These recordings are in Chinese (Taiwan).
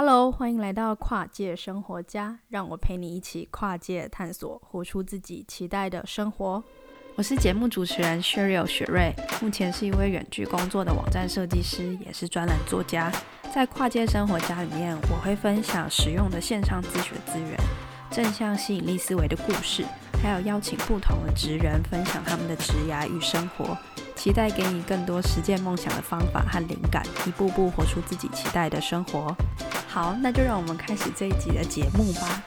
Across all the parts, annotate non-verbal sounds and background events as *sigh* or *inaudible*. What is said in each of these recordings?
Hello，歡迎來到跨界生活家，讓我陪你一起跨界探索，活出自己期待的生活。我是節目主持人 Sherriel 雪瑞，雪瑞目前是一位遠距工作的網站設計師，也是專欄作家。在跨界生活家裡面，我會分享實用的線上自學資源、正向吸引力思維的故事，還有邀請不同的職人分享他們的職涯與生活。期待給你更多實踐夢想的方法和靈感，一步步活出自己期待的生活。好，那就讓我們開始這一集的節目吧。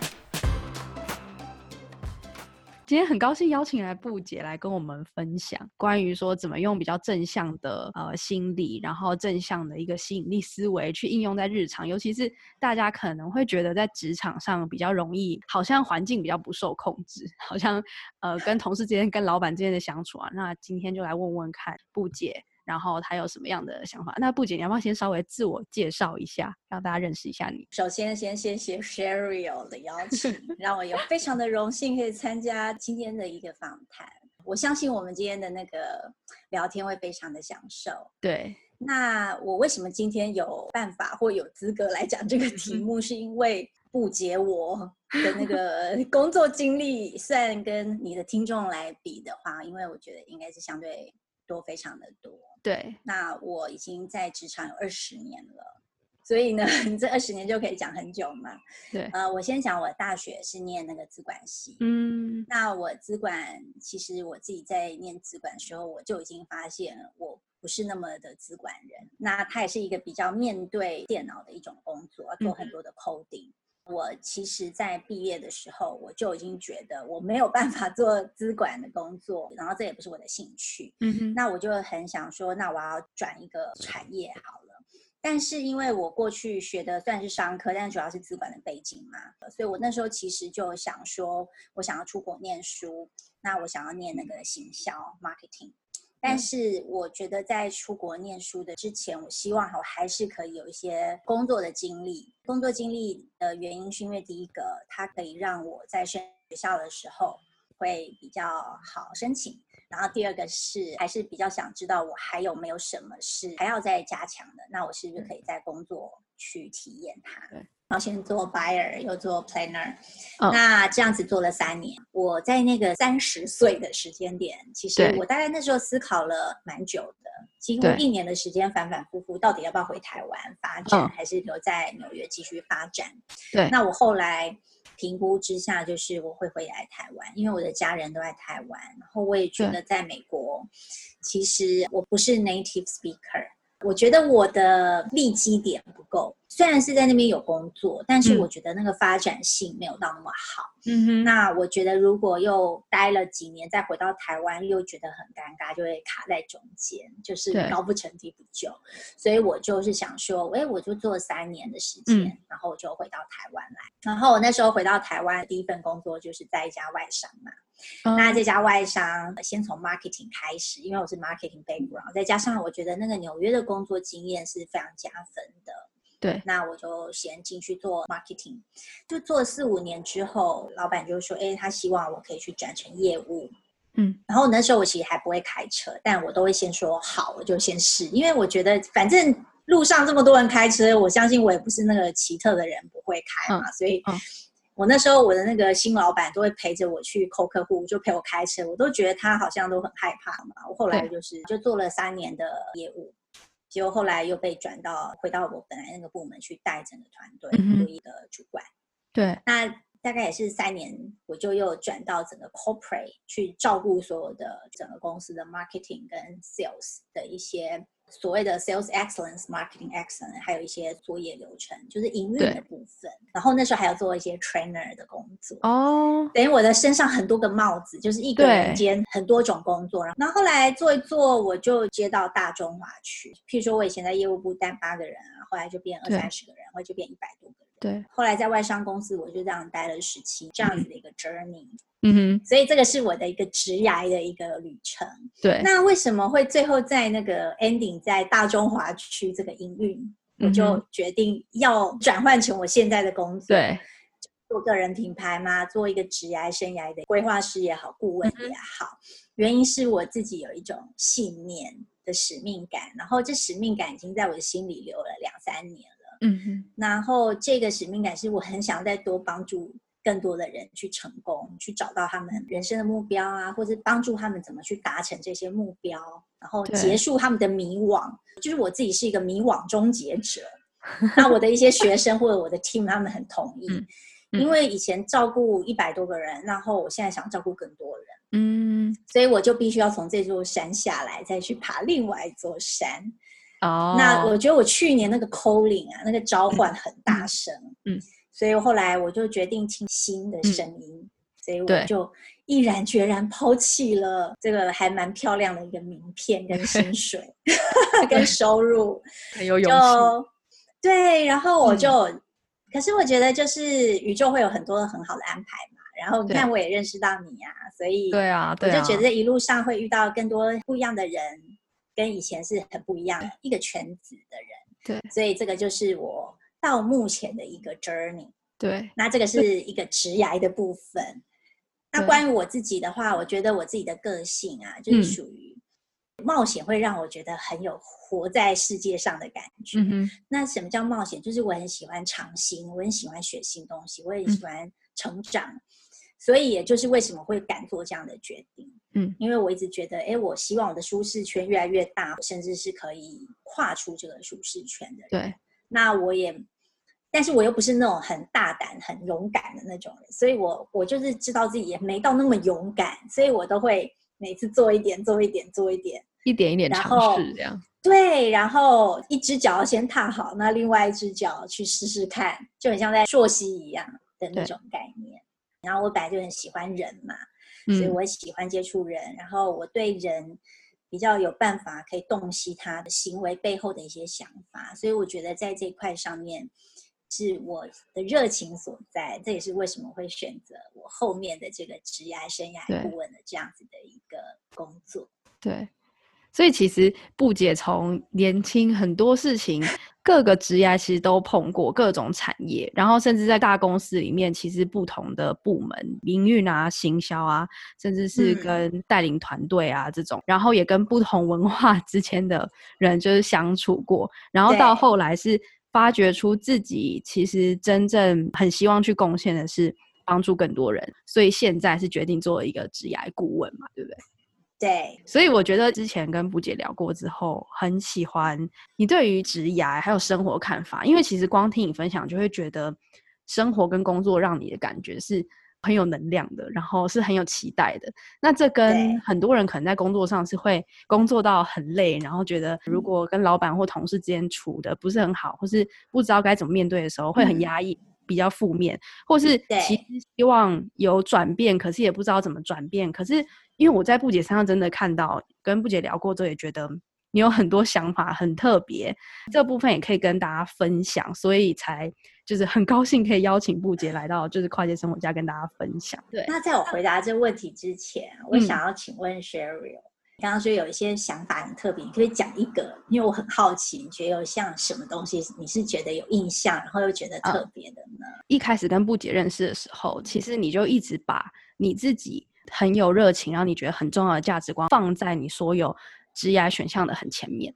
今天很高興邀請來布姐來跟我們分享關於說怎麼用比較正向的呃心理，然後正向的一個吸引力思維去應用在日常，尤其是大家可能會覺得在職場上比較容易，好像環境比較不受控制，好像呃跟同事之間、跟老闆之間的相處啊，那今天就來問問看布姐。然後他有什麼樣的想法？那布姐，你要不要先稍微自我介紹一下，讓大家認識一下你？首先，先謝謝 Sherriel 的邀請， *laughs* 讓我有非常的榮幸可以參加今天的一個訪談。我相信我們今天的那個聊天會非常的享受。對，那我為什麼今天有辦法或有資格來講這個題目？是因為布姐我的那個工作經歷，雖然跟你的聽眾來比的話，因為我覺得應該是相對。都非常的多，對。那我已經在職場有二十年了，所以呢，你這二十年就可以講很久嘛。對，呃，我先講我大學是念那個資管系，嗯，那我資管其實我自己在念資管的時候，我就已經發現我不是那麼的資管人。那他也是一個比較面對電腦的一種工作，要做很多的 coding。嗯我其實，在畢業的時候，我就已經覺得我沒有辦法做資管的工作，然後這也不是我的興趣。嗯哼，那我就很想說，那我要轉一個產業好了。但是因為我過去學的算是商科，但主要是資管的背景嘛，所以我那時候其實就想說，我想要出國念書，那我想要念那個行銷 Marketing。但是我覺得在出國唸書的之前，我希望我還是可以有一些工作的經歷。工作經歷的原因是因為第一個，它可以讓我在選學校的時候會比較好申請；然後第二個是還是比較想知道我還有沒有什麼是還要再加強的，那我是不是可以在工作去體驗它？然後先做 buyer，又做 planner，、oh. 那這樣子做了三年。我在那個三十歲的時間點，其實我大概那時候思考了蠻久的，其中一年的時間反反复复，到底要不要回台灣發展，oh. 還是留在紐約繼續發展？對、oh.。那我後來評估之下，就是我會回來台灣，因為我的家人都在台灣，然後我也覺得在美國，oh. 其實我不是 native speaker，我覺得我的利基點不夠。雖然是在那邊有工作，但是我覺得那個發展性沒有到那麼好。嗯哼。那我覺得如果又待了幾年，再回到台灣又覺得很尷尬，就會卡在中間，就是高不成低不就。所以我就是想說，哎、欸，我就做了三年的時間，嗯、然後我就回到台灣來。然後我那時候回到台灣，第一份工作就是在一家外商嘛。哦、那這家外商先從 marketing 開始，因為我是 marketing background，、嗯、再加上我覺得那個紐約的工作經驗是非常加分的。對，那我就先進去做 marketing，就做四五年之後，老板就說：“哎，他希望我可以去轉成業務。”嗯，然後那時候我其實還不會開車，但我都會先說好，我就先試，因為我覺得反正路上這麼多人開車，我相信我也不是那個奇特的人不會開嘛，嗯、所以、嗯，我那時候我的那個新老板都會陪着我去 call 客戶，就陪我開車，我都覺得他好像都很害怕嘛。我後來就是就做了三年的業務。結果後來又被轉到回到我本來那個部門去帶整個團隊做一個主管，嗯，對，那大概也是三年，我就又轉到整個 corporate 去照顧所有的整個公司的 marketing 跟 sales 的一些。所謂的 sales excellence、marketing excellence，還有一些作業流程，就是營運的部分。然後那時候還要做一些 trainer 的工作哦，oh，等於我的身上很多個帽子，就是一個時間，很多種工作。然後後來做一做，我就接到大中華區，譬如說我以前在業務部帶八個人啊，後來就變二三十個人，後來就變一百多個人。對，後來在外商公司，我就這樣待了十七這樣子的一個 journey，嗯哼，所以這個是我的一個職涯的一個旅程。對，那為什麼會最後在那個 ending，在大中華區這個營運，嗯，我就決定要轉換成我現在的工作，對，做個人品牌嘛，做一個職涯生涯的規劃師也好，顧問也好，嗯，原因是我自己有一種信念的使命感，然後這使命感已經在我的心裡留了兩三年。嗯哼，然後這個使命感是我很想再多幫助更多的人去成功，去找到他們人生的目標啊，或是幫助他們怎麼去達成這些目標，然後結束他們的迷惘。就是我自己是一個迷惘終結者。 *laughs* 那我的一些學生或者我的 team 他們很同意，嗯嗯，因為以前照顧一百多個人，然後我現在想照顧更多人，嗯，所以我就必須要從這座山下來，再去爬另外一座山。哦、oh.，那我覺得我去年那個 calling 啊，那個召喚很大聲，嗯，嗯，所以後來我就決定聽新的聲音，嗯，所以我就毅然決然拋棄了這個還蠻漂亮的一個名片跟薪水， *laughs* *laughs* 跟收入 *laughs* 很有勇氣，就對，然後我就，嗯，可是我覺得就是宇宙會有很多很好的安排嘛，然後你看我也認識到你啊，所以對啊，對啊，我就覺得一路上會遇到更多不一樣的人。跟以前是很不一樣，一個圈子的人，對，所以這個就是我到目前的一個 journey，對。那這個是一個職業的部分。那關於我自己的話，我覺得我自己的個性啊，就是屬於冒險，會讓我覺得很有活在世界上的感覺。嗯、那什麼叫冒險？就是我很喜歡嘗新，我很喜歡學新東西，我也喜歡成長。嗯所以，也就是為什麼會敢做這樣的決定，嗯，因為我一直覺得，哎、欸，我希望我的舒適圈越來越大，甚至是可以跨出這個舒適圈的。對。那我也，但是我又不是那種很大膽、很勇敢的那種人，所以我我就是知道自己也沒到那麼勇敢，所以我都會每次做一點，做一點，做一點，一點一點，嘗試這樣。對，然後一只腳先踏好，那另外一只腳去試試看，就很像在溯溪一樣的那種概念。然後我本來就很喜歡人嘛、嗯，所以我喜歡接觸人，然後我對人比較有辦法可以洞悉他的行為背後的一些想法，所以我覺得在這塊上面是我的熱情所在，這也是為什麼我會選擇我後面的這個職業生涯顧問的這樣子的一個工作。對。對所以其實布姐從年輕很多事情，各個職涯其實都碰過各種產業，然後甚至在大公司裡面，其實不同的部門、營運啊、行銷啊，甚至是跟帶領團隊啊這種、嗯，然後也跟不同文化之間的人就是相處過，然後到後來是發掘出自己其實真正很希望去貢獻的是幫助更多人，所以現在是決定做一個職涯顧問嘛，對不對？對，所以我覺得之前跟布姐聊過之後，很喜歡你對於職涯還有生活看法，因為其實光聽你分享，就會覺得生活跟工作讓你的感覺是很有能量的，然後是很有期待的。那這跟很多人可能在工作上是會工作到很累，然後覺得如果跟老闆或同事之間處得不是很好，或是不知道該怎麼面對的時候，會很壓抑，比較負面，或是其實希望有轉變，可是也不知道怎麼轉變，可是。因為我在布姐身上真的看到，跟布姐聊過之後也覺得你有很多想法很特別，這部分也可以跟大家分享，所以才就是很高興可以邀請布姐來到就是跨界生活家跟大家分享。嗯、對，那在我回答這問題之前，嗯、我想要請問 Sherriel，剛剛說有一些想法很特別，你可,可以講一個，因為我很好奇，你覺得有像什麼東西你是覺得有印象，然後又覺得特別的呢？嗯、一開始跟布姐認識的時候，其實你就一直把你自己。很有熱情，讓你覺得很重要的價值觀放在你所有職涯選項的很前面，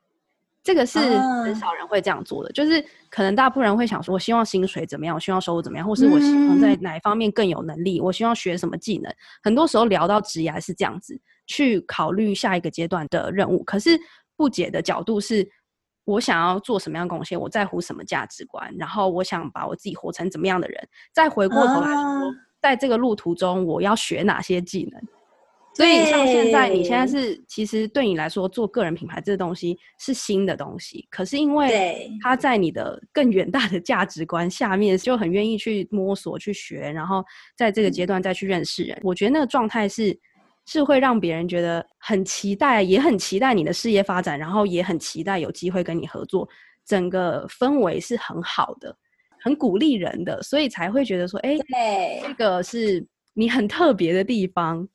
這個是很少人會這樣做的。啊、就是可能大部分人會想說，我希望薪水怎麼樣，我希望收入怎麼樣，或是我希望在哪一方面更有能力，嗯、我希望學什麼技能。很多時候聊到職涯是這樣子，去考慮下一個階段的任務。可是布姐的角度是，我想要做什麼樣的貢獻，我在乎什麼價值觀，然後我想把我自己活成怎麼樣的人，再回過頭來說。啊說在這個路途中，我要學哪些技能？所以像現在，你現在是其實對你來說做個人品牌這個東西是新的東西，可是因為他在你的更遠大的價值觀下面，就很願意去摸索、去學，然後在這個階段再去認識人。我覺得那個狀態是是會讓別人覺得很期待，也很期待你的事業發展，然後也很期待有機會跟你合作。整個氛圍是很好的。很鼓勵人的，所以才會覺得說，哎，對，這個是你很特別的地方。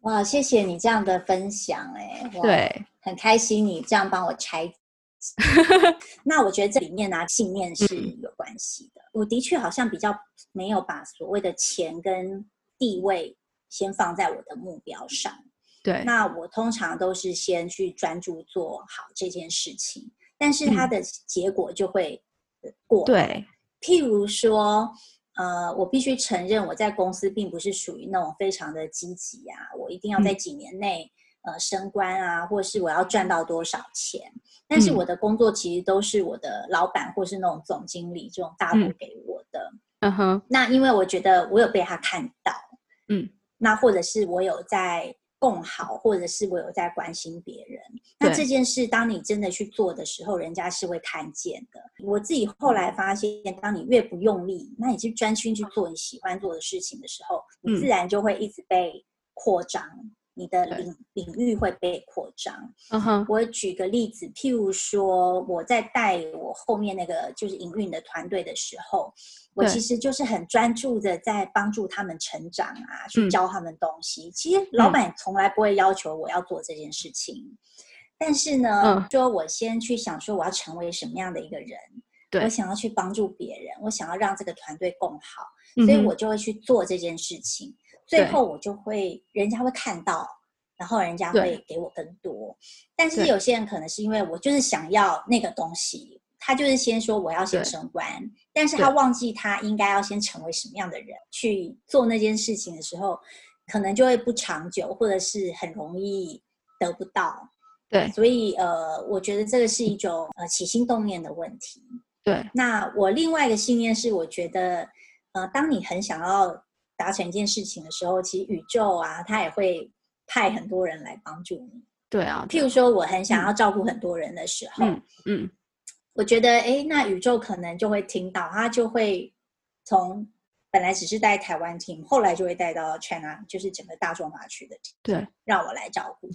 哇，謝謝你這樣的分享、欸，哎，對，很開心你這樣幫我拆。 *laughs* 那我覺得這裡面呢、啊，信念是有關係的、嗯。我的確好像比較沒有把所謂的錢跟地位先放在我的目標上。對，那我通常都是先去專注做好這件事情，但是它的結果就會過、嗯、對。譬如說，呃，我必須承認，我在公司並不是屬於那種非常的積極啊，我一定要在幾年內、嗯呃、升官啊，或是我要賺到多少錢。但是我的工作其實都是我的老闆或是那種總經理這種大部給我的。嗯哼。那因為我覺得我有被他看到，嗯，那或者是我有在更好，或者是我有在關心別人。那這件事，當你真的去做的時候，人家是會看見的。我自己後來發現，當你越不用力，那你就專心去做你喜歡做的事情的時候，你自然就會一直被擴張。嗯你的領領域會被擴張。Uh-huh. 我舉個例子，譬如說我在帶我後面那個就是營運的團隊的時候，我其實就是很專注的在幫助他們成長啊、嗯，去教他們東西。其實老闆從來不會要求我要做這件事情，嗯、但是呢，Uh. 說我先去想說我要成為什麼樣的一個人，對。我想要去幫助別人，我想要讓這個團隊更好、嗯，所以我就會去做這件事情。最後我就會，人家會看到，然後人家會給我更多。但是有些人可能是因為我就是想要那個東西，他就是先說我要先升官，但是他忘記他應該要先成為什麼樣的人去做那件事情的時候，可能就會不長久，或者是很容易得不到。對，所以呃，我覺得這個是一種呃起心動念的問題。對，那我另外一個信念是，我覺得呃，當你很想要。達成一件事情的時候，其實宇宙啊，它也會派很多人來幫助你。對啊。對啊，譬如說我很想要照顧很多人的時候，嗯，嗯，我覺得誒，欸，那宇宙可能就會聽到，它就會從本來只是在台灣聽，後來就會帶到 China，就是整個大中華區的聽，對，讓我來照顧。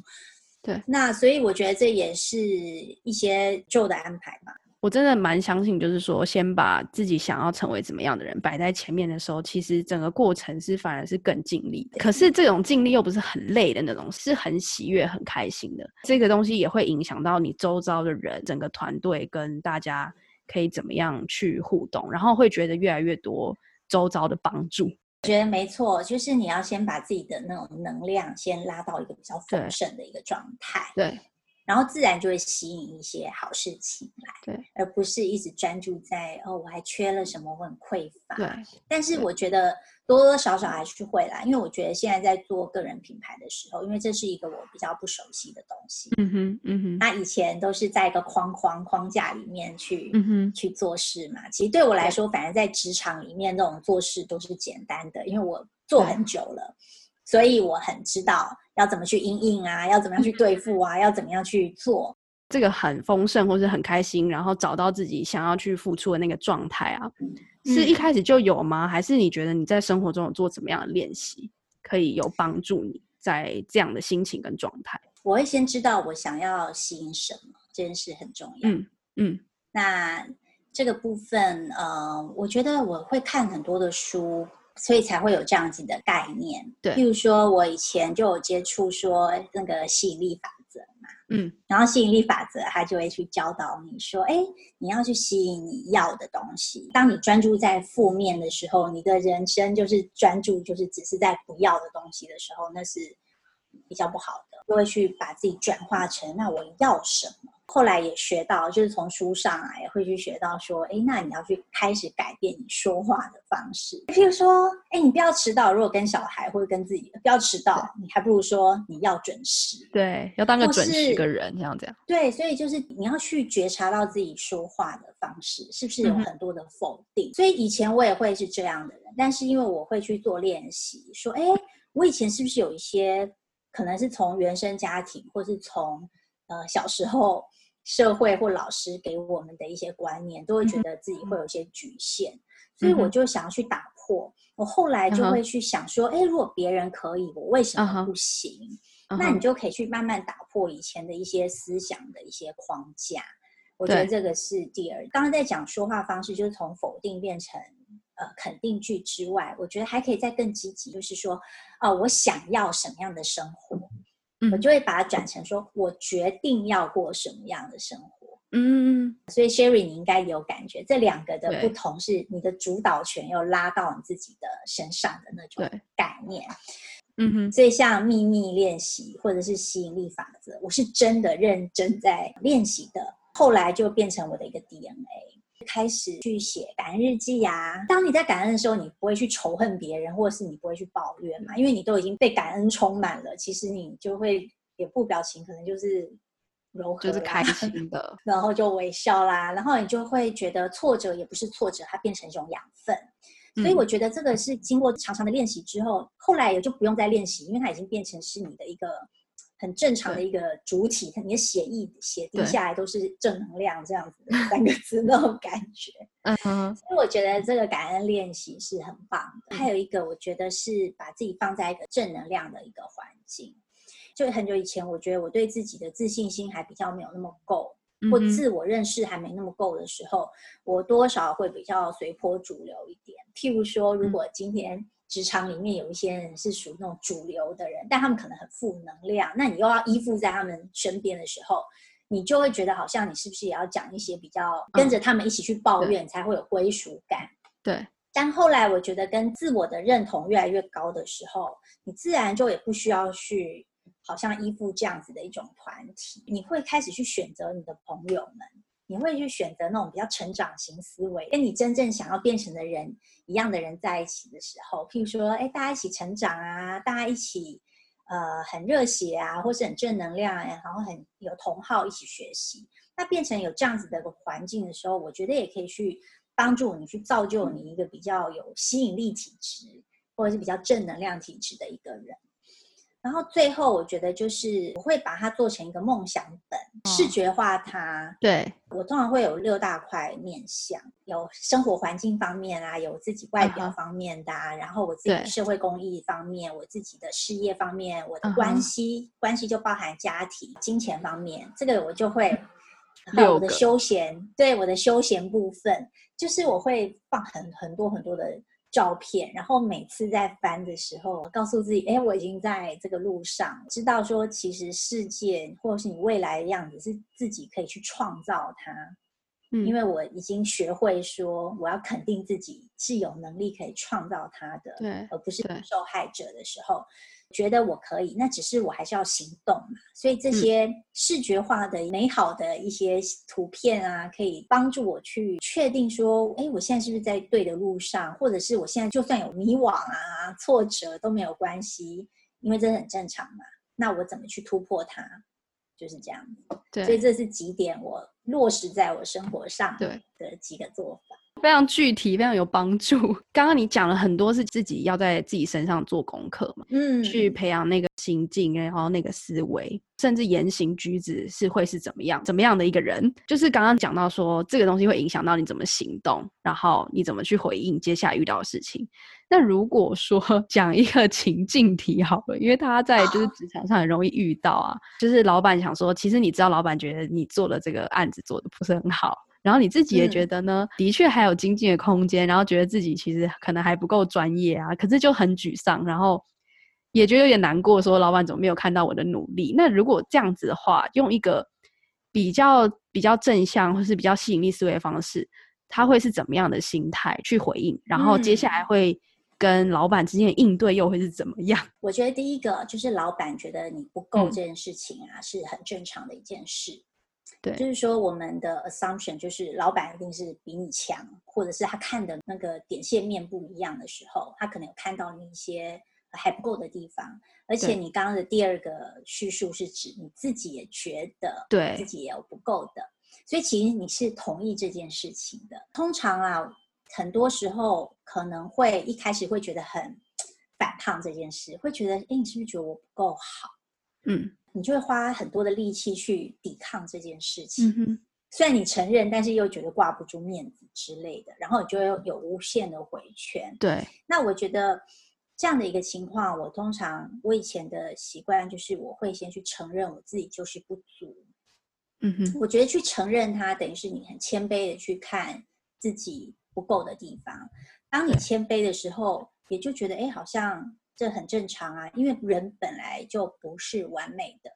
對，那所以我覺得這也是一些舊的安排嘛。我真的蠻相信，就是說，先把自己想要成為怎麼樣的人擺在前面的時候，其實整個過程是反而是更盡力。可是這種盡力又不是很累的那種，是很喜悅、很開心的。這個東西也會影響到你周遭的人、整個團隊跟大家可以怎麼樣去互動，然後會覺得越來越多周遭的幫助。我覺得沒錯，就是你要先把自己的那種能量先拉到一個比較豐盛的一個狀態。對。對。然後自然就會吸引一些好事情來，對，而不是一直專注在哦，我還缺了什麼，我很匱乏。對啊，對，但是我覺得多多少少還是會來，因為我覺得現在在做個人品牌的時候，因為這是一個我比較不熟悉的東西。嗯哼，嗯哼，那以前都是在一個框框框架裡面去、嗯哼、去做事嘛。其實對我來說，反正在職場裡面那種做事都是簡單的，因為我做很久了。所以我很知道要怎麼去因應啊，要怎麼樣去對付啊， *laughs* 要怎麼樣去做這個很豐盛或是很開心，然後找到自己想要去付出的那個狀態啊。嗯、是一開始就有嗎、嗯？還是你覺得你在生活中有做怎麼樣的練習，可以有幫助你在這樣的心情跟狀態？我會先知道我想要吸引什麼，這件事很重要。嗯嗯，那這個部分，呃，我覺得我會看很多的書。所以才會有這樣子的概念。對，譬如說，我以前就有接觸說那個吸引力法則嘛。嗯，然後吸引力法則，他就會去教導你說，哎，你要去吸引你要的東西。當你專注在負面的時候，你的人生就是專注，就是只是在不要的東西的時候，那是比較不好的。就會去把自己轉化成，那我要什麼？後來也學到，就是從書上啊，也會去學到說，哎、欸，那你要去開始改變你說話的方式。譬如說，哎、欸，你不要遲到。如果跟小孩或者跟自己，不要遲到，你還不如說你要準時。對，要當個準時的人，這樣子。對，所以就是你要去覺察到自己說話的方式，是不是有很多的否定？嗯、所以以前我也會是這樣的人，但是因為我會去做練習，說，哎、欸，我以前是不是有一些可能是從原生家庭，或是從呃小時候。社會或老師給我們的一些觀念，都會覺得自己會有些局限，所以我就想要去打破。我後來就會去想說，哎、Uh-huh.，如果別人可以，我為什麼不行？Uh-huh. Uh-huh. 那你就可以去慢慢打破以前的一些思想的一些框架。我覺得這個是第二，剛剛在講說話方式，就是從否定變成、呃、肯定句之外，我覺得還可以再更積極，就是說，哦、呃，我想要什麼樣的生活？ *noise* 我就會把它轉成說，我決定要過什麼樣的生活。嗯、mm-hmm，所以 Sherry，你應該有感覺，這兩個的不同是你的主導權又拉到你自己的身上的那種概念。嗯哼，所以像秘密練習或者是吸引力法則，我是真的認真在練習的，後來就變成我的一個 DNA。開始去寫感恩日記呀、啊。當你在感恩的時候，你不會去仇恨別人，或者是你不會去抱怨嘛，因為你都已經被感恩充滿了。其實你就會臉部表情可能就是柔和、啊，就是開心的，然後就微笑啦、啊。然後你就會覺得挫折也不是挫折，它變成一種養分。所以我覺得這個是經過長長的練習之後，後來也就不用再練習，因為它已經變成是你的一個。很正常的一個主體，你的寫意寫定下來都是正能量這樣子的三個字那種感覺。嗯 *laughs* 所以我覺得這個感恩練習是很棒的。嗯、還有一個，我覺得是把自己放在一個正能量的一個環境。就很久以前，我覺得我對自己的自信心還比較沒有那麼夠、嗯，或自我認識還沒那麼夠的時候，我多少會比較隨波逐流一點。譬如說，如果今天，職場裡面有一些人是屬那種主流的人，但他們可能很負能量。那你又要依附在他們身邊的時候，你就會覺得好像你是不是也要講一些比較跟着他們一起去抱怨，才會有歸屬感？嗯，對。但後來我覺得跟自我的認同越來越高的時候，你自然就也不需要去好像依附這樣子的一種團體，你會開始去選擇你的朋友們。你會去選擇那種比較成長型思維，跟你真正想要變成的人一樣的人在一起的時候，譬如說，哎，大家一起成長啊，大家一起，呃，很熱血啊，或是很正能量，然後很有同好一起學習，那變成有這樣子的一個環境的時候，我覺得也可以去幫助你去造就你一個比較有吸引力體質，或者是比較正能量體質的一個人。然後最後，我覺得就是我會把它做成一個夢想本，哦、視覺化它。對我通常會有六大塊面向，有生活環境方面啊，有自己外表方面的、啊嗯，然後我自己社會公益方面，我自己的事業方面，我的關係、嗯、關係就包含家庭、金錢方面，這個我就會。六個、嗯、我的休閒，對我的休閒部分，就是我會放很很多很多的。照片，然後每次在翻的時候，告訴自己，哎，我已經在這個路上，知道說，其實世界或是你未來的樣子是自己可以去創造它，嗯。因為我已經學會說，我要肯定自己是有能力可以創造它的，對，而不是受害者的時候。覺得我可以，那只是我還是要行動嘛。所以這些視覺化的美好的一些圖片啊，可以幫助我去確定說，哎，我現在是不是在對的路上？或者是我現在就算有迷惘啊、挫折都沒有關係，因為這很正常嘛。那我怎麼去突破它？就是這樣。對，所以這是幾點我落實在我生活上的幾個做法。非常具體，非常有幫助。 *laughs* 剛剛你講了很多是自己要在自己身上做功課嘛，嗯，去培養那個心境，然後那個思維，甚至言行舉止是會是怎麼樣，怎麼樣的一個人？就是剛剛講到說這個東西會影響到你怎麼行動，然後你怎麼去回應接下來遇到的事情。那如果說講一個情境題好了，因為大家在就是職場上很容易遇到啊、哦，就是老板想說，其實你知道老板覺得你做的這個案子做的不是很好。然後你自己也覺得呢、嗯，的確還有精進的空間，然後覺得自己其實可能還不夠專業啊，可是就很沮喪，然後也覺得有點難過，說老闆怎麼沒有看到我的努力？那如果這樣子的話，用一個比較比較正向或是比較吸引力思維的方式，他會是怎麼樣的心態去回應？然後接下來會跟老闆之間的應對又會是怎麼樣？我覺得第一個就是老闆覺得你不夠這件事情啊，嗯、是很正常的一件事。對，就是說我們的 assumption 就是老板一定是比你強，或者是他看的那個點線面不一樣的時候，他可能有看到你一些還不夠的地方。而且你剛剛的第二個敘述是指你自己也覺得，對自己也有不夠的，所以其實你是同意這件事情的。通常啊，很多時候可能會一開始會覺得很反抗這件事，會覺得，哎，你是不是覺得我不夠好？嗯。你就會花很多的力氣去抵抗這件事情。嗯，雖然你承認，但是又覺得掛不住面子之類的，然後你就有無限的迴圈。對，那我覺得這樣的一個情況，我通常我以前的習慣就是我會先去承認我自己就是不足。嗯哼，我覺得去承認它，等於是你很謙卑的去看自己不夠的地方。當你謙卑的時候，也就覺得哎、欸，好像。這很正常啊，因為人本來就不是完美的。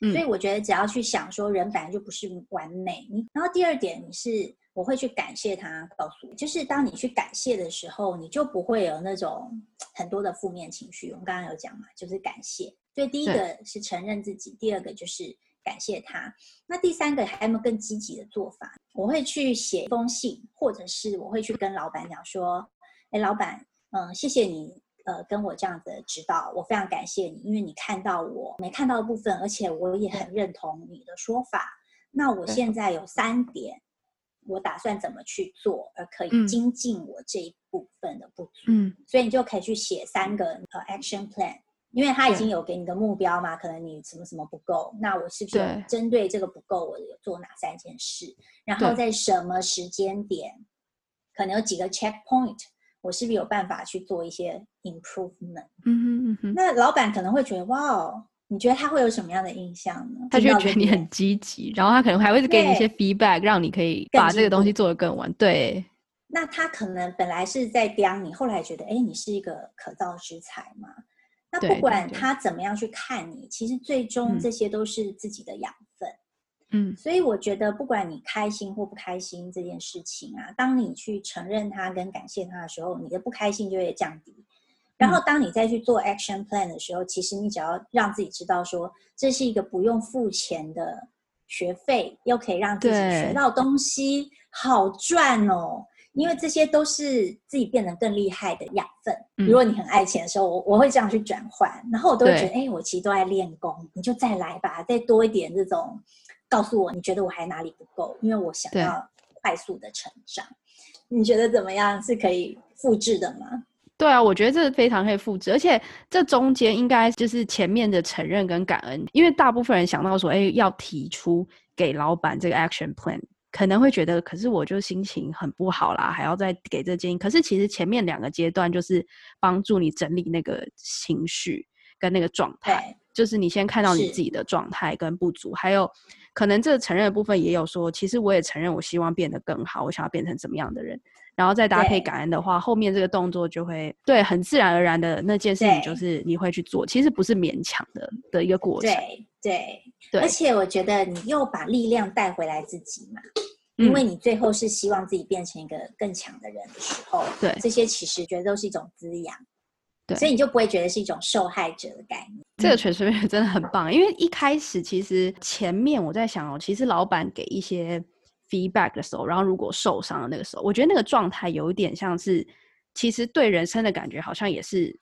嗯，所以我覺得只要去想說人本來就不是完美。然後第二點，你是我會去感謝他，告訴你，就是當你去感謝的時候，你就不會有那種很多的負面情緒。我們剛剛有講嘛，就是感謝。所以第一個是承認自己，第二個就是感謝他。那第三個還有沒有更積極的做法？我會去寫一封信，或者是我會去跟老闆講說，哎，老闆，嗯，謝謝你。呃，跟我這樣的指導，我非常感謝你，因為你看到我沒看到的部分，而且我也很認同你的說法。那我現在有三點，我打算怎麼去做，而可以精進我這一部分的不足。嗯，所以你就可以去寫三個呃 action plan，因為他已經有給你的目標嘛，可能你什麼什麼不夠，那我是不是針對這個不夠，我有做哪三件事？然後在什麼時間點，可能有幾個 checkpoint。我是不是有辦法去做一些 improvement？嗯哼，嗯哼，那老闆可能會覺得，哇哦，你覺得他會有什麼樣的印象呢？他就覺得你很積極，然後他可能還會給你一些 feedback，讓你可以把這個東西做得更完。更對，那他可能本來是在刁你，後來覺得，哎，你是一個可造之材嘛。那不管他怎麼樣去看你，對對對，其實最終這些都是自己的養。嗯嗯，所以我覺得，不管你開心或不開心這件事情啊，當你去承認他跟感謝他的時候，你的不開心就會降低。嗯、然後，當你再去做 action plan 的時候，其實你只要讓自己知道說，這是一個不用付錢的學費，又可以讓自己學到東西，好賺哦。因為這些都是自己變得更厲害的養分。嗯、如果你很愛錢的時候，我我會這樣去轉換，然後我都會覺得，哎，我其實都在練功，你就再來吧，再多一點這種。告訴我，你覺得我還哪裡不夠？因為我想要快速的成長。你覺得怎麼樣是可以複製的嗎？對啊，我覺得這非常可以複製，而且這中間應該就是前面的承認跟感恩，因為大部分人想到說，哎，要提出給老闆這個 action plan，可能會覺得，可是我就心情很不好啦，還要再給這建議。可是其實前面兩個階段就是幫助你整理那個情緒跟那個狀態。就是你先看到你自己的狀態跟不足，還有可能這個承認的部分也有說，其實我也承認，我希望變得更好，我想要變成怎麼樣的人，然後再搭配感恩的話，後面這個動作就會對，很自然而然的那件事情，就是你會去做，其實不是勉強的的一個過程。對對對，而且我覺得你又把力量帶回來自己嘛、嗯，因為你最後是希望自己變成一個更強的人的時候，對，這些其實覺得都是一種滋養。對，所以你就不會覺得是一種受害者的概念。嗯、這個詮釋真的很棒，因為一開始其實前面我在想哦，其實老闆給一些 feedback 的時候，然後如果受傷的那個時候，我覺得那個狀態有一點像是，其實對人生的感覺好像也是。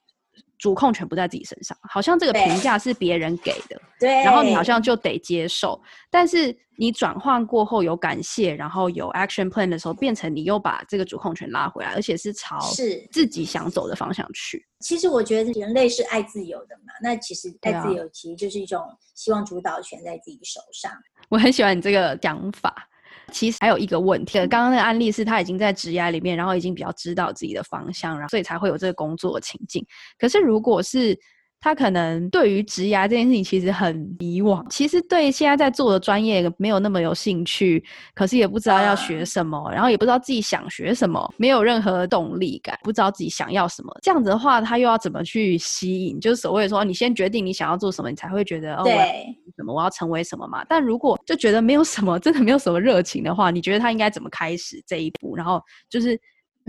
主控權不在自己身上，好像這個評價是別人給的，對，對。然後你好像就得接受，但是你轉換過後有感謝，然後有 action plan 的時候，變成你又把這個主控權拉回來，而且是朝是自己想走的方向去。其實我覺得人類是愛自由的嘛，那其實愛自由其實就是一種希望主導權在自己手上。啊，我很喜歡你這個講法。其實還有一個問題，剛剛那個案例是他已經在職涯裡面，然後已經比較知道自己的方向，然後所以才會有這個工作的情境。可是如果是他可能對於職涯這件事情其實很迷惘，其實對現在在做的專業沒有那麼有興趣，可是也不知道要學什麼，然後也不知道自己想學什麼，沒有任何動力感，不知道自己想要什麼。這樣子的話，他又要怎麼去吸引？就是所謂的說，你先決定你想要做什麼，你才會覺得哦，對。什麼？我要成為什麼嘛？但如果就覺得沒有什麼，真的沒有什麼熱情的話，你覺得他應該怎麼開始這一步？然後就是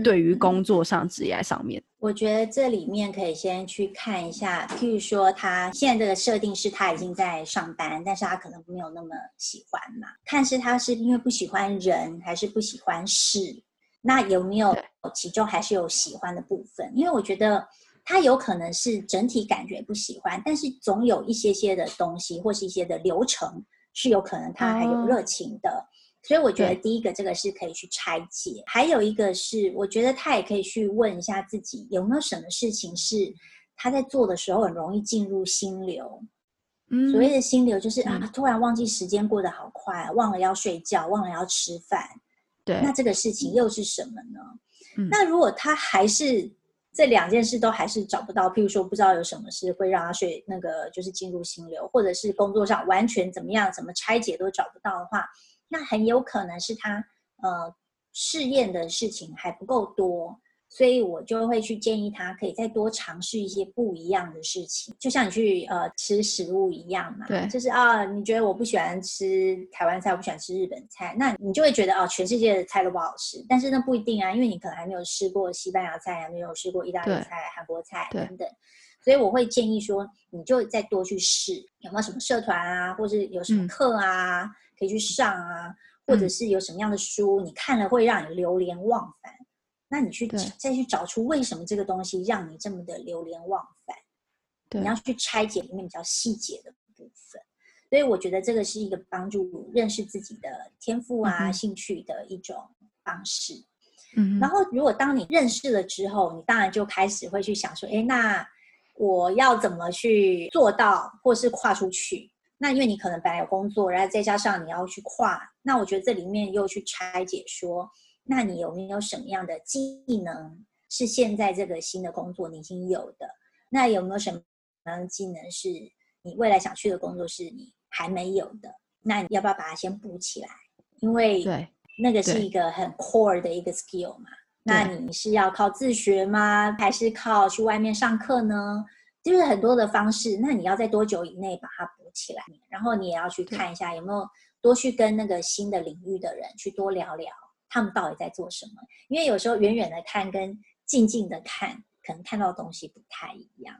對於工作上、嗯嗯，職業上面，我覺得這裡面可以先去看一下，譬如說他現在這個設定是他已經在上班，但是他可能沒有那麼喜歡嘛？看是他是因為不喜歡人，還是不喜歡事？那有沒有其中還是有喜歡的部分？因為我覺得。他有可能是整體感覺不喜歡，但是總有一些些的東西或是一些的流程是有可能他還有熱情的，oh. 所以我覺得第一個、yeah. 這個是可以去拆解，還有一個是我覺得他也可以去問一下自己有沒有什麼事情是他在做的時候很容易進入心流，嗯、mm.，所謂的心流就是、mm. 啊突然忘記時間過得好快、啊，忘了要睡覺，忘了要吃飯，對、yeah.，那這個事情又是什麼呢？Mm. 那如果他還是。這兩件事都還是找不到，譬如說不知道有什麼事會讓他睡那個，就是進入心流，或者是工作上完全怎麼樣怎麼拆解都找不到的話，那很有可能是他呃試驗的事情還不夠多。所以我就會去建議他可以再多嘗試一些不一樣的事情，就像你去呃吃食物一樣嘛。對。就是啊、哦，你覺得我不喜歡吃台灣菜，我不喜歡吃日本菜，那你就會覺得哦，全世界的菜都不好吃。但是那不一定啊，因為你可能還沒有吃過西班牙菜，還沒有吃過意大利菜、韓國菜等等。所以我會建議說，你就再多去試，有沒有什麼社團啊，或者有什麼課啊、嗯、可以去上啊，或者是有什麼樣的書、嗯、你看了會讓你流連忘返。那你去再去找出為什麼這個東西讓你這麼的流連忘返？對，你要去拆解裡面比較細節的部分。所以我覺得這個是一個幫助認識自己的天賦啊、嗯、興趣的一種方式、嗯。然後如果當你認識了之後，你當然就開始會去想說，哎，那我要怎麼去做到，或是跨出去？那因為你可能本來有工作，然後再加上你要去跨，那我覺得這裡面又去拆解說。那你有沒有什麼樣的技能是現在這個新的工作你已經有的？那有沒有什麼樣的技能是你未來想去的工作是你還沒有的？那你要不要把它先補起來？因為對，那個是一個很 core 的一個 skill 嘛。那你是要靠自學嗎？還是靠去外面上課呢？就是很多的方式，那你要在多久以內把它補起來？然後你也要去看一下，有沒有多去跟那個新的領域的人去多聊聊。他們到底在做什麼？因為有時候遠遠的看跟靜靜的看，可能看到的東西不太一樣。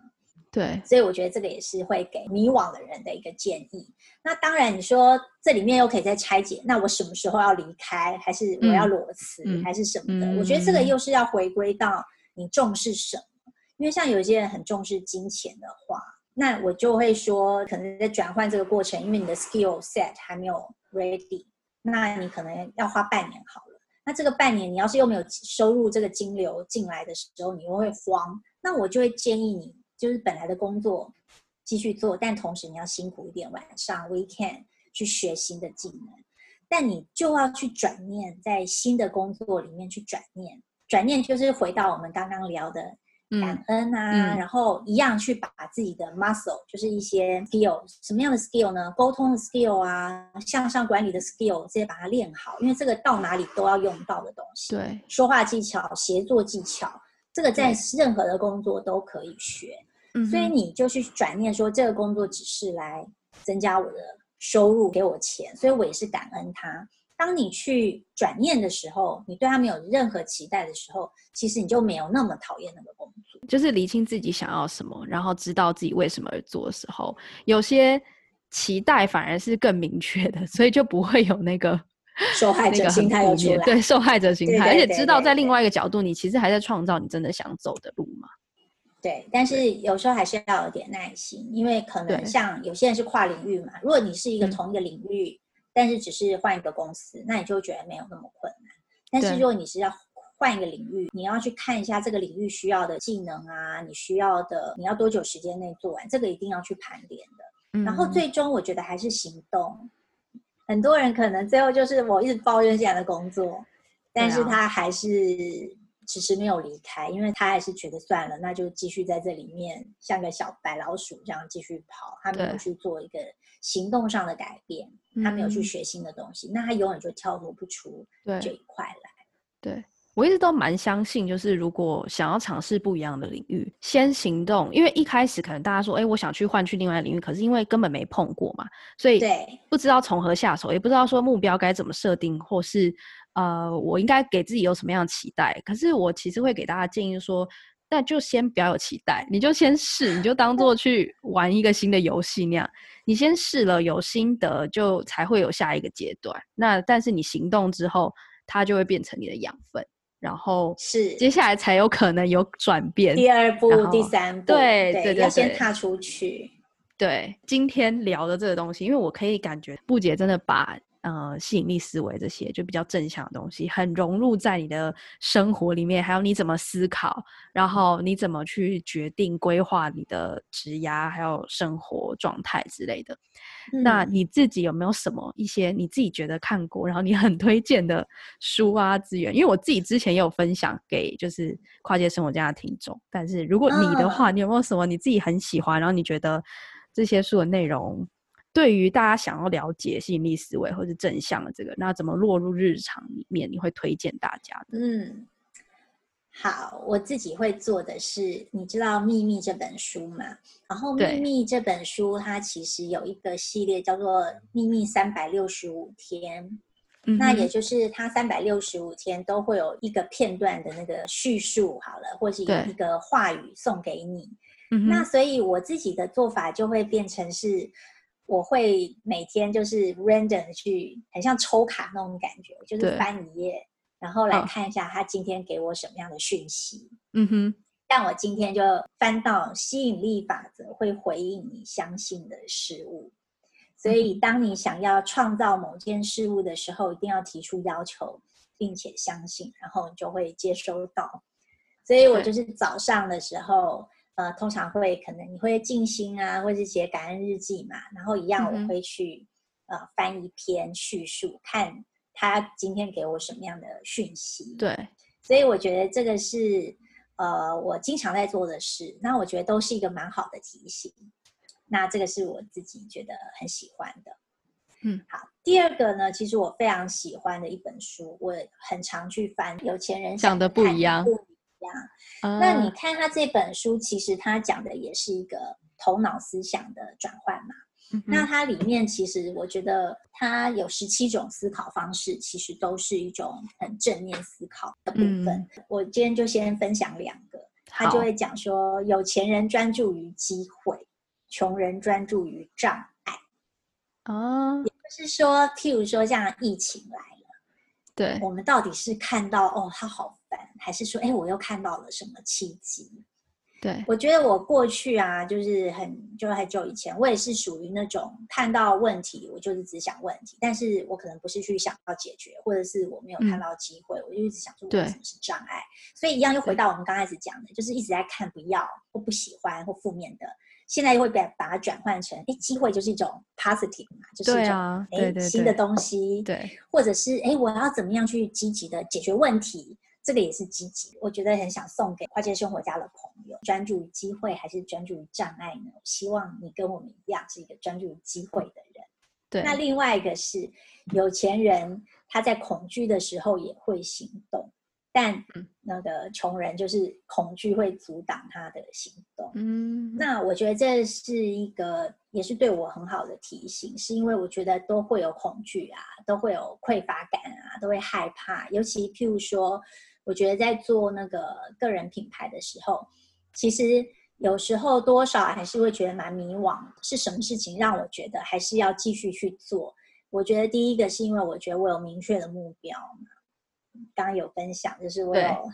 對，所以我覺得這個也是會給迷惘的人的一個建議。那當然，你說這裡面又可以再拆解，那我什麼時候要離開？還是我要裸辭、嗯？還是什麼的、嗯嗯？我覺得這個又是要回歸到你重視什麼、嗯？因為像有些人很重視金錢的話，那我就會說，可能在轉換這個過程，因為你的 skill set 還沒有 ready，那你可能要花半年好。那這個半年，你要是又沒有收入這個金流進來的時候，你又會慌。那我就會建議你，就是本來的工作繼續做，但同時你要辛苦一點，晚上 weekend 去學新的技能。但你就要去轉念，在新的工作裡面去轉念，轉念就是回到我們剛剛聊的。感恩啊、嗯嗯，然後一樣去把自己的 muscle，就是一些 skill，什麼樣的 skill 呢？溝通的 skill 啊，向上管理的 skill，這些把它練好，因為這個到哪裡都要用到的東西。對，說話技巧、協作技巧，這個在任何的工作都可以學。嗯，所以你就去轉念說，這個工作只是來增加我的收入，給我錢，所以我也是感恩他。當你去轉念的時候，你對他沒有任何期待的時候，其實你就沒有那麼討厭那個工作。就是理清自己想要什麼，然後知道自己為什麼而做的時候，有些期待反而是更明確的，所以就不會有那個,受害, *laughs* 那個受害者心態就出來。對，受害者心態對對對對對，而且知道在另外一個角度對對對對，你其實還在創造你真的想走的路嘛。對，但是有時候還是要有點耐心，因為可能像有些人是跨領域嘛。如果你是一個同一個領域。嗯但是只是換一個公司，那你就覺得沒有那麼困難。但是如果你是要換一個領域，你要去看一下這個領域需要的技能啊，你需要的，你要多久時間內做完，這個一定要去盤點的。嗯。然後最終我覺得還是行動。很多人可能最後就是我一直抱怨這樣的工作，但是他還是。其實沒有離開，因為他還是覺得算了，那就繼續在這裡面像個小白老鼠這樣繼續跑。他沒有去做一個行動上的改變，他沒有去學新的東西、嗯，那他永遠就跳脫不出這一塊來。對，對我一直都蠻相信，就是如果想要嘗試不一樣的領域，先行動，因為一開始可能大家說，哎，我想去換去另外領域，可是因為根本沒碰過嘛，所以對，不知道從何下手，也不知道說目標該怎麼設定，或是。呃，我應該給自己有什麼樣的期待？可是我其實會給大家建議說，那就先不要有期待，你就先試，你就當做去玩一個新的遊戲那樣。你先試了有心得，就才會有下一個階段。那但是你行動之後，它就會變成你的養分，然後是接下來才有可能有轉變。第二步，第三步，對對對，要先踏出去。對，今天聊的這個東西，因為我可以感覺布姐真的把。呃，吸引力思維這些就比較正向的東西，很融入在你的生活裡面，還有你怎麼思考，然後你怎麼去決定規劃你的職涯，還有生活狀態之類的。嗯。那你自己有沒有什麼一些你自己覺得看過，然後你很推薦的書啊資源？因為我自己之前也有分享給就是跨界生活家的聽眾，但是如果你的話，你有沒有什麼你自己很喜歡，然後你覺得這些書的內容？對於大家想要了解吸引力思維或者是正向的這個，那怎麼落入日常裡面？你會推薦大家的？嗯，好，我自己會做的是，你知道《秘密》這本書嗎？然後《秘密》這本書它其實有一個系列叫做《秘密三百六十五天》。嗯，那也就是它三百六十五天都會有一個片段的那個敘述好了，或是有一個話語送給你。那所以我自己的做法就會變成是。我會每天就是 random 去，很像抽卡那種感覺，就是翻一頁，然後來看一下他今天給我什麼樣的訊息。嗯哼。但我今天就翻到吸引力法則會回應你相信的事物，所以當你想要創造某件事物的時候，嗯、一定要提出要求，並且相信，然後你就會接收到。所以我就是早上的時候。呃，通常會可能你會靜心啊，或者是寫感恩日記嘛，然後一樣我會去嗯嗯、呃、翻一篇敘述，看他今天給我什麼樣的訊息。對，所以我覺得這個是呃我經常在做的事，那我覺得都是一個蠻好的提醒。那這個是我自己覺得很喜歡的。嗯，好，第二個呢，其實我非常喜歡的一本書，我很常去翻《有錢人想，想的不一樣》。啊、嗯，那你看他這本書，其實他講的也是一個頭腦思想的轉換嘛、嗯嗯。那他裡面其實我覺得他有十七種思考方式，其實都是一種很正面思考的部分。嗯、我今天就先分享兩個，他就會講說，有錢人專注於機會，窮人專注於障礙。哦、嗯，也不是說，譬如說，像疫情來了，對我們到底是看到哦，他好。還是說，哎，我又看到了什麼契機？對，我覺得我過去啊，就是很就很久以前，我也是屬於那種看到問題，我就是只想問題，但是我可能不是去想要解決，或者是我沒有看到機會，嗯、我就一直想說，對，我什麼是障礙？所以一樣又回到我們剛開始講的，就是一直在看不要或不喜歡或負面的，現在又會把把它轉換成，哎，機會就是一種 positive 嘛，就是一種哎、啊、新的東西，對，對或者是哎，我要怎麼樣去積極的解決問題？這個也是積極，我覺得很想送給跨界生活家的朋友：專注於機會還是專注於障礙呢？希望你跟我們一樣是一個專注於機會的人。對。那另外一個是有錢人他在恐懼的時候也會行動，但那個窮人就是恐懼會阻擋他的行動。嗯。那我覺得這是一個也是對我很好的提醒，是因為我覺得都會有恐懼啊，都會有匱乏感啊，都會害怕，尤其譬如說。我覺得在做那個個人品牌的時候，其實有時候多少還是會覺得蠻迷惘，是什麼事情讓我覺得還是要繼續去做？我覺得第一個是因為我覺得我有明確的目標，剛剛有分享，就是我有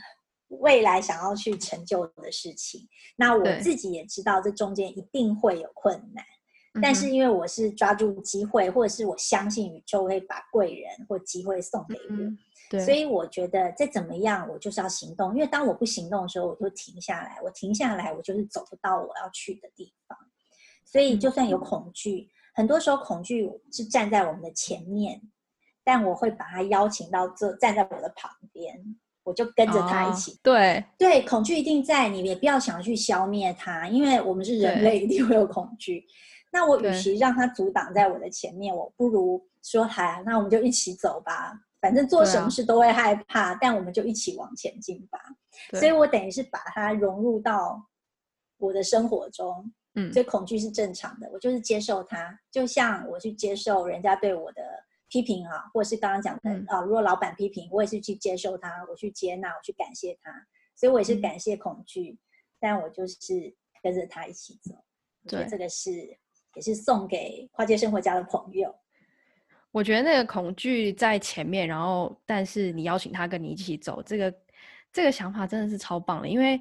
未來想要去成就的事情。那我自己也知道這中間一定會有困難，但是因為我是抓住機會，或者是我相信宇宙會把貴人或機會送給我。對，所以我覺得再怎麼樣，我就是要行動。因為當我不行動的時候，我就停下來。我停下來，我就是走不到我要去的地方。所以就算有恐懼，嗯，很多時候恐懼是站在我們的前面，但我會把它邀請到這，站在我的旁邊，我就跟着他一起。哦，對對，恐懼一定在你，也不要想去消滅它，因為我們是人類，一定會有恐懼。那我與其讓它阻擋在我的前面，我不如說，它，那我們就一起走吧。反正做什麼事都會害怕，啊、但我們就一起往前進吧。所以我等於是把它融入到我的生活中，嗯，所以恐懼是正常的，我就是接受它，就像我去接受人家對我的批評啊，或者是剛剛講的、嗯、啊，如果老板批評，我也是去接受他，我去接納，我去感謝他，所以我也是感謝恐懼、嗯，但我就是跟着他一起走。對，這個是也是送給跨界生活家的朋友。我覺得那個恐懼在前面，然後但是你邀請他跟你一起走，這個這個想法真的是超棒的。因為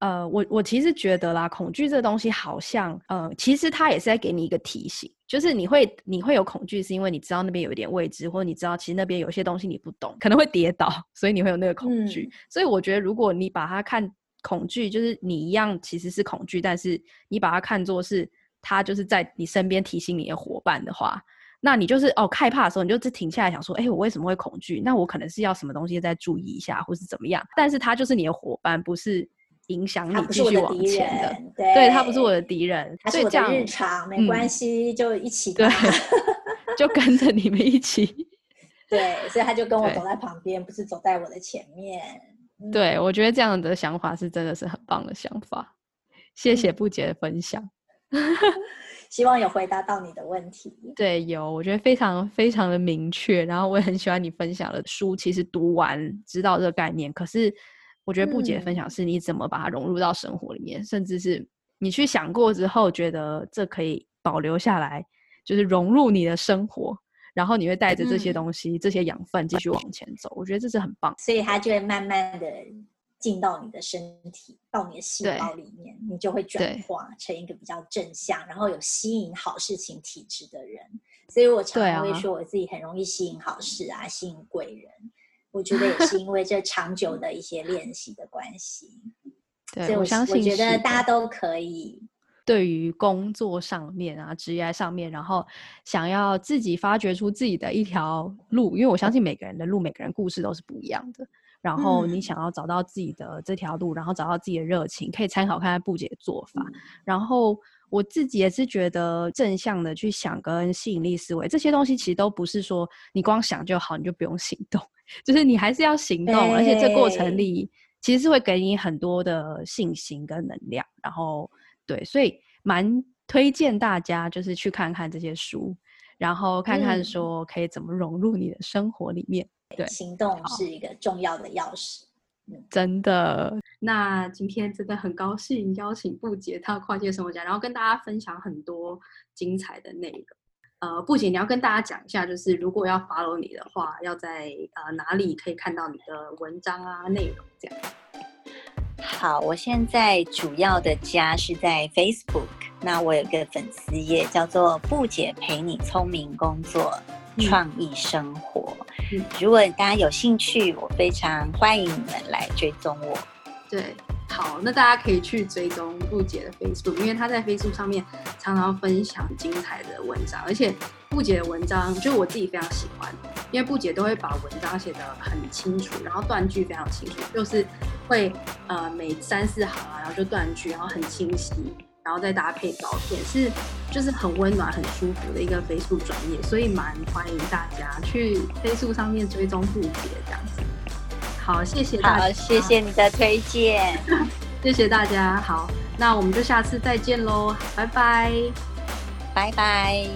呃，我我其實覺得啦，恐懼這個東西好像呃，其實他也是在給你一個提醒，就是你會你會有恐懼，是因為你知道那邊有一點未知，或者你知道其實那邊有些東西你不懂，可能會跌倒，所以你會有那個恐懼。嗯。所以我覺得，如果你把它看恐懼，就是你一樣其實是恐懼，但是你把它看作是他就是在你身邊提醒你的伙伴的話。那你就是哦，害怕的時候，你就只停下來想說，哎、欸，我為什麼會恐懼？那我可能是要什麼東西再注意一下，或是怎麼樣？但是他就是你的夥伴，不是影響你繼續往前的，不是我的敵人。對。對，他不是我的敵人，他是的，所以這樣日常、嗯、沒關係，就一起，對 *laughs* 就跟着你們一起。對，所以他就跟我走在旁邊，不是走在我的前面對、嗯。對，我覺得這樣的想法是真的是很棒的想法。謝謝布姐的分享。嗯 *laughs* 希望有回答到你的問題。對，有，我覺得非常非常的明確。然後我也很喜歡你分享的書，其實讀完知道這個概念。可是我覺得布姐分享是，你怎麼把它融入到生活裡面，嗯、甚至是你去想過之後，覺得這可以保留下來，就是融入你的生活，然後你會帶着這些東西、嗯、這些養分繼續往前走。我覺得這是很棒。所以它就會慢慢的。進到你的身體，到你的細胞裡面，你就會轉化成一個比較正向，然後有吸引好事情體質的人。所以我常常會說，我自己很容易吸引好事啊，啊吸引貴人。我覺得也是因為這長久的一些練習的關係。 *laughs* 對，所以我，我相信，我覺得大家都可以。對於工作上面啊，職業上面，然後想要自己發掘出自己的一條路，因為我相信每個人的路，每個人故事都是不一樣的。然後你想要找到自己的這條路，嗯，然後找到自己的熱情，可以參考看看布姐的做法。嗯、然後我自己也是覺得正向的去想跟吸引力思維這些東西，其實都不是說你光想就好，你就不用行動，就是你還是要行動。哎、而且這過程裡其實是會給你很多的信心跟能量。然後對，所以蠻推薦大家就是去看看這些書，然後看看說可以怎麼融入你的生活裡面。嗯對，行動是一個重要的鑰匙。哦，真的。那今天真的很高興邀請布姐她跨界生活家，然後跟大家分享很多精彩的那一個。呃，布姐你要跟大家講一下，就是如果要 follow 你的話，要在呃哪裡可以看到你的文章啊內容、那個、這樣。好，我現在主要的家是在 Facebook，那我有個粉絲頁叫做“布姐陪你聰明工作”。創意生活、嗯，如果大家有興趣，我非常歡迎你們來追蹤我。對，好，那大家可以去追蹤布姐的 Facebook，因為他在 Facebook 上面常常分享精彩的文章，而且布姐的文章就我自己非常喜歡，因為布姐都會把文章寫得很清楚，然後斷句非常清楚，就是會呃每三四行啊，然後就斷句，然後很清晰。然後再搭配照片，是就是很溫暖、很舒服的一個 Facebook 專頁，所以蠻歡迎大家去 Facebook 上面追蹤布姐這樣子。好，謝謝大家。好，謝謝你的推薦， *laughs* 謝謝大家。好，那我們就下次再見嘍，拜拜，拜拜。